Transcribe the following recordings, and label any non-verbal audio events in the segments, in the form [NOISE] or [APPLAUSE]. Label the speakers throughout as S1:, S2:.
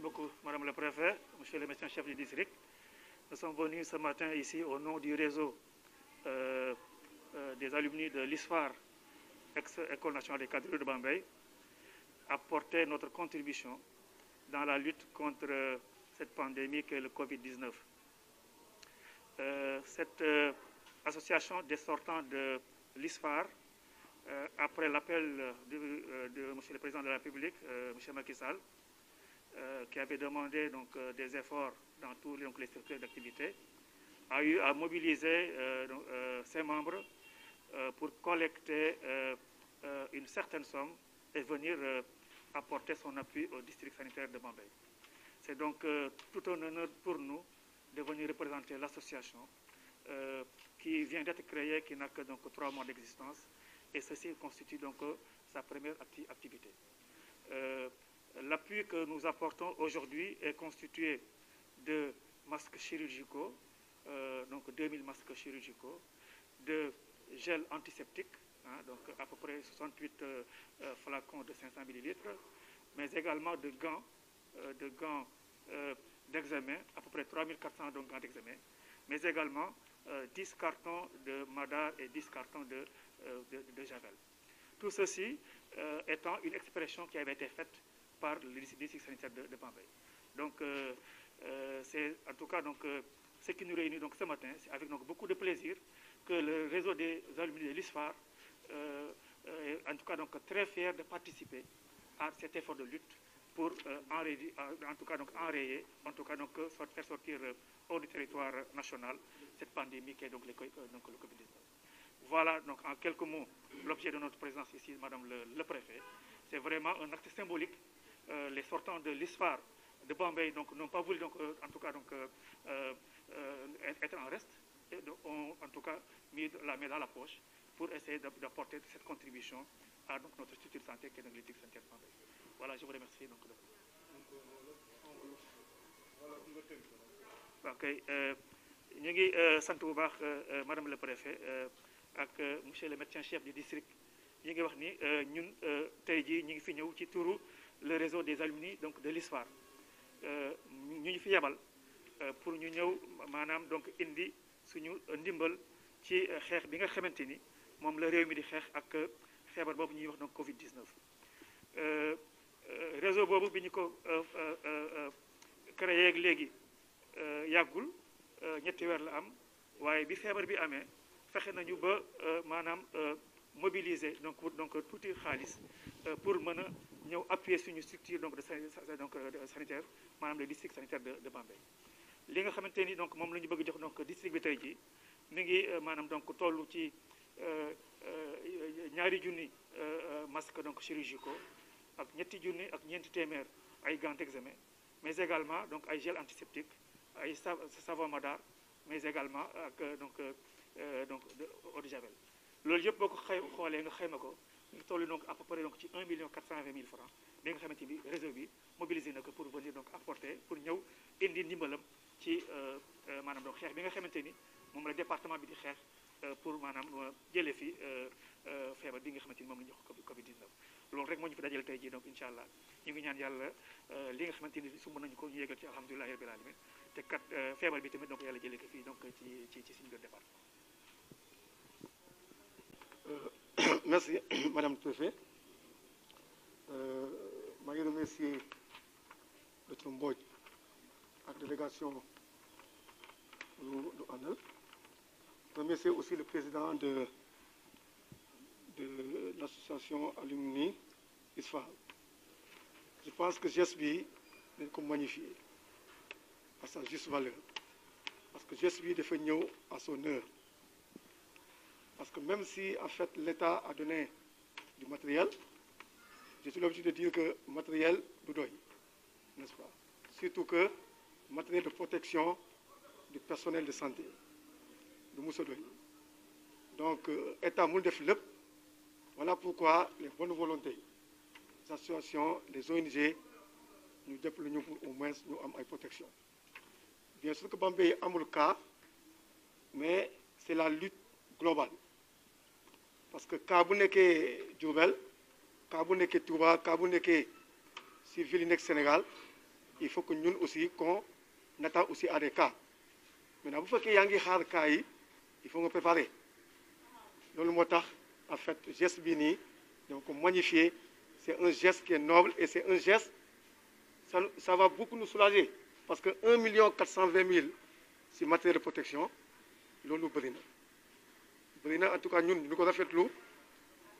S1: Merci beaucoup, Madame la Préfète, Monsieur le médecin chef du district. Nous sommes venus ce matin ici au nom du réseau euh, euh, des alumni de l'ISFAR, ex-École nationale des cadres de Bombay, apporter notre contribution dans la lutte contre euh, cette pandémie que le Covid-19. cette association des sortants de l'ISFAR, après l'appel de, de, le Président de la République, monsieur Macky Sall, euh, qui avait demandé donc, euh, des efforts dans tous donc, les structures d'activité, a eu à mobiliser euh, ses membres pour collecter une certaine somme et venir apporter son appui au district sanitaire de Bombay. C'est donc tout un honneur pour nous de venir représenter l'association qui vient d'être créée, qui n'a que donc trois mois d'existence, et ceci constitue donc sa première activité. L'appui que nous apportons aujourd'hui est constitué de masques chirurgicaux, euh, donc 2000 masques chirurgicaux, de gel antiseptique, hein, donc à peu près 68 euh, euh, flacons de 500 ml, mais également de gants, de gants d'examen, à peu près 3400 donc, gants d'examen, mais également 10 cartons de madar et 10 cartons de, de javel. Tout ceci étant une expression qui avait été faite par le district sanitaire de, de Donc, euh, euh, c'est en tout cas donc, euh, ce qui nous réunit donc, ce matin, c'est avec donc, beaucoup de plaisir que le réseau des alumni de l'ISFAR est en tout cas donc, très fier de participer à cet effort de lutte pour enrayer, en tout cas donc, enrayer, en tout cas donc, faire sortir hors du territoire national cette pandémie qui est donc, le Covid-19. Voilà donc en quelques mots l'objet de notre présence ici, Madame le Préfet. C'est vraiment un acte symbolique euh, les sortants de l'ISFAR de Bombay n'ont pas voulu donc, euh, en tout cas donc, euh, être en reste, et ont en tout cas mis la main dans la poche pour essayer d'apporter cette contribution à donc, notre Institut de santé qui est l'éthique santé de Bombay. Voilà, je vous remercie. Donc, ok ñu ngi madame le préfet ak monsieur le médecin chef du district ñu ngi wax ni ñun tey le réseau des alumni donc de l'ISFAR euh, ñu ñu fi yebal euh, pour ñu ñew manam donc indi suñu ndimbal ci xex bi nga xamanteni mom la réew mi di xex ak fièvre bobu ñuy wax donc Covid 19. Euh, euh réseau bobu bi ñu ko créé ak légui léegi yàggul ñetti weer la am waye bi fièvre bi amé fexé nañu ba maanaam mobiliser donc donc tuuti xaalis pour mëna ñëw appuyer suñu structure donc de donc euh, sanitaire maanaam le district sanitaire de de Bambey li nga xamante ni donc moom la ñu bëgg jox donc district bi tey jii mi ngi euh, maanaam donc toll ci euh, ñaari junni masque donc chirurgicaux ak ñetti junni ak ñeenti téeméer ay gant d'examen mais également donc ay gel antiseptique ay savon madar mais également ak donc donc eau de javel loolu yëpp boo ko xay xoolee nga xayma ko ñu toll donc à peu près donc ci 1 million 420 mille francs bi nga xamante ni réseau mobilisé na pour venir donc apporter pour ñëw indi ndimbalam ci euh, euh manam donc xex bi nga xamanteni mom la département bi di xeex euh, pour manam euh, jëlee fi euh euh feebar bi nga xamanteni mom la ñu jox Covid 19. lool rek mo ñu fi dajal tay ji donc inshallah allah ñu ngi ñaan yàlla li nga xamanteni ni sumb nañu ko ñu yégal ci alhamdulilah rabbil alamin té kat feebar bi tamit donc yalla jëlee ko fii donc ci ci ci suñu département
S2: merci, [COUGHS] Madame le Euh, je voudrais remercier le Tromboj, la délégation de l'ONU. Je remercie aussi le président de, l'association Alumni ISFA. Je pense que GSB est magnifié à sa juste valeur. Parce que jésus est défendu à son heure. Parce que même si, en fait, l'État a donné du matériel, je suis l'objet de dire que matériel doudoy, n'est-ce pas Surtout que matériel de protection du personnel de santé, de Moussodoy. Donc, euh, État le voilà pourquoi les bonnes volontés, les associations, les ONG, nous déployons pour au moins nous avons une protection. Bien sûr que Bambé est cas, mais c'est la lutte globale parce que quand bu êtes Diourbel quand bu êtes Touba quand bu êtes si Sénégal il faut que nous aussi qu'on attend aussi à des cas maintenant bu fekkee y ngi xaar cas il faut nous préparer préparions. Le motard en fait geste béni, donc c'est un geste qui est noble et c'est un geste ça va beaucoup nous soulager parce que un million quatre cent matériel de protection nous nous na en tout cas nous, ñu ko rafetlu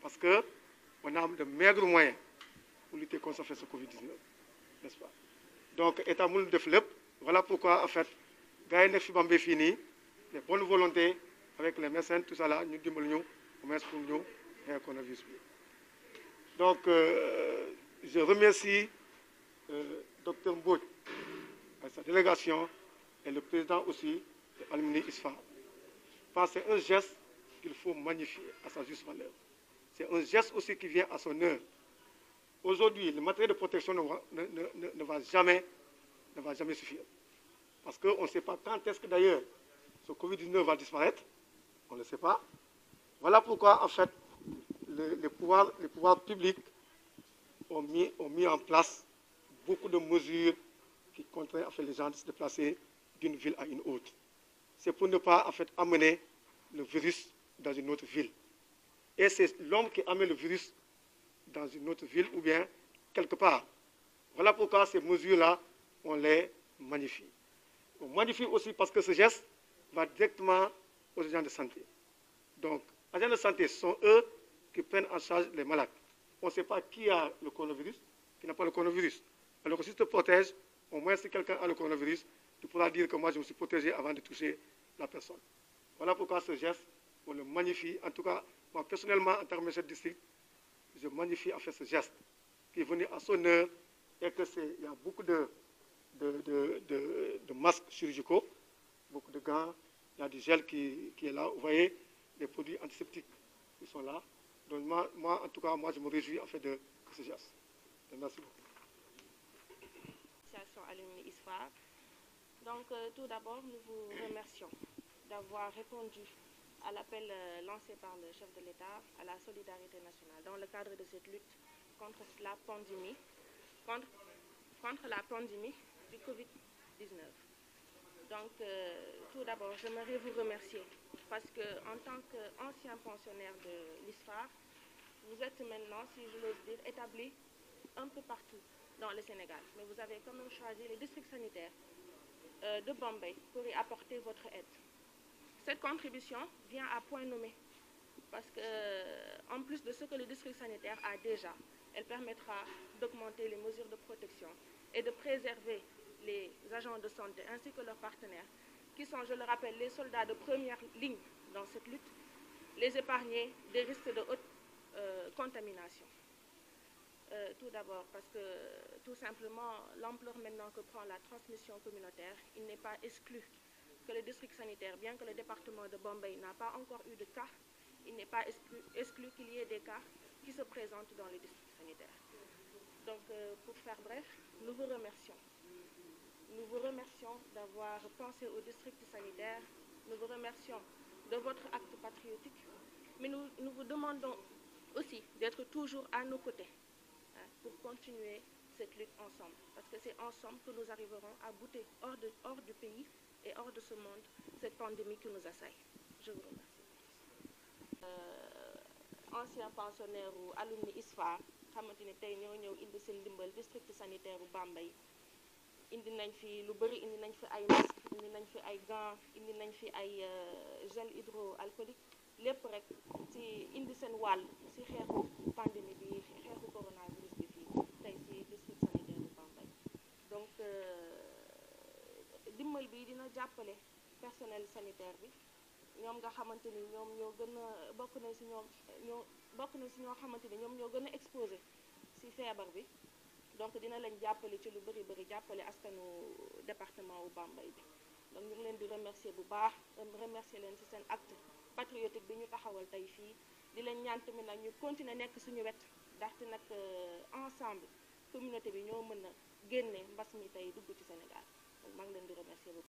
S2: parce que on a de maigres moyens pour lutter contre ce Covid-19 n'est-ce pas donc état nous def flip. voilà pourquoi en fait Gaïne Fibambe finit, les bonnes volontés avec les médecins tout ça là nous dimbal ñu nous sommes pour ñu xeex coronavirus donc euh, je remercie euh, docteur Mbodj et sa délégation et le président aussi de Alumni ISFA. Parce que c'est un geste qu'il faut magnifier à sa juste valeur. C'est un geste aussi qui vient à son heure. Aujourd'hui, le matériel de protection ne va, jamais, ne va jamais suffire. Parce qu'on ne sait pas quand est-ce que d'ailleurs ce Covid-19 va disparaître. On ne sait pas. Voilà pourquoi, en fait, les, pouvoirs, publics ont mis, ont mis en place beaucoup de mesures qui contraignent les gens de se déplacer d'une ville à une autre. C'est pour ne pas en fait, amener le virus dans une autre ville. Et c'est l'homme qui amène le virus dans une autre ville ou bien quelque part. Voilà pourquoi ces mesures-là, on les magnifie. On magnifie aussi parce que ce geste va directement aux agents de santé. Donc, les agents de santé sont eux qui prennent en charge les malades. On ne sait pas qui a le coronavirus, qui n'a pas le coronavirus. Alors si tu te protèges, au moins si quelqu'un a le coronavirus, tu pourras dire que moi je me suis protégé avant de toucher la personne. Voilà pourquoi ce geste on le magnifie. En tout cas, moi personnellement, en tant que chef de district, je magnifie à faire ce geste qui est venu à son heure et Il y a beaucoup de, masques chirurgicaux, beaucoup de gants, il y a du gel qui, est là. Vous voyez, des produits antiseptiques qui sont là. Donc moi, moi, en tout cas, moi, je me réjouis à fait de ce geste. Merci beaucoup.
S3: son Donc, euh, tout d'abord, nous vous remercions d'avoir répondu à l'appel euh, lancé par le chef de l'État à la solidarité nationale dans le cadre de cette lutte contre la pandémie, contre, la pandémie du Covid-19. Donc, euh, tout d'abord, j'aimerais vous remercier parce que, en tant qu'ancien pensionnaire de l'ISFAR, vous êtes maintenant, si je l'ose dire, établi un peu partout dans le Sénégal. Mais vous avez quand même choisi les districts sanitaires euh, de Bombay pour y apporter votre aide cette contribution vient à point nommé parce que, euh, en plus de ce que le district sanitaire a déjà, elle permettra d'augmenter les mesures de protection et de préserver les agents de santé ainsi que leurs partenaires, qui sont, je le rappelle, les soldats de première ligne dans cette lutte, les épargner des risques de haute euh, contamination. Euh, tout d'abord, parce que tout simplement, l'ampleur maintenant que prend la transmission communautaire, il n'est pas exclu que le district sanitaire, bien que le département de Bombay n'a pas encore eu de cas, il n'est pas exclu, qu'il y ait des cas qui se présentent dans le district sanitaire. Donc, euh, pour faire bref, nous vous remercions. Nous vous remercions d'avoir pensé au district sanitaire. Nous vous remercions de votre acte patriotique. Mais nous, vous demandons aussi d'être toujours à nos côtés hein, pour continuer cette lutte ensemble. Parce que c'est ensemble que nous arriverons à bouter hors du pays et hors de ce monde cette pandémie qui nous assaille. Je vous remercie. Euh, ancien pensionnaire ou alumni ISFA xamante ni tey ñoo ñëw indi seen district sanitaire bu Bambey indi nañ fi lu bëri indi nañ fi ay masque indi nañ fi ay gants indi nañ fi ay euh, gel hydroalcoolique lépp rek ci indi seen wàll ci xeexu pandémie bi xeexu coronavirus bi fii tey ci district sanitaire bu Bambey donc. Euh, dimbal bi dina jàppale personnel sanitaire bi ñoom nga xamante ni ñoom ñoo gën a bokk na si ñoom ñoo bokk na si ñoo xamante ni ñoom ñoo gën a exposé si feebar bi donc dina leen jàppale ci lu bëri bëri jàppale askanu département wu Bambey bi donc ñu ngi leen di remercier bu baax remercier leen si seen acte patriotique bi ñu taxawal tey fii di leen ñaan tamit nag ñu continuer nekk suñu wet ndaxte nag euh, ensemble communauté bi ñoo mën a génne mbas mi tey dugg ci Sénégal mang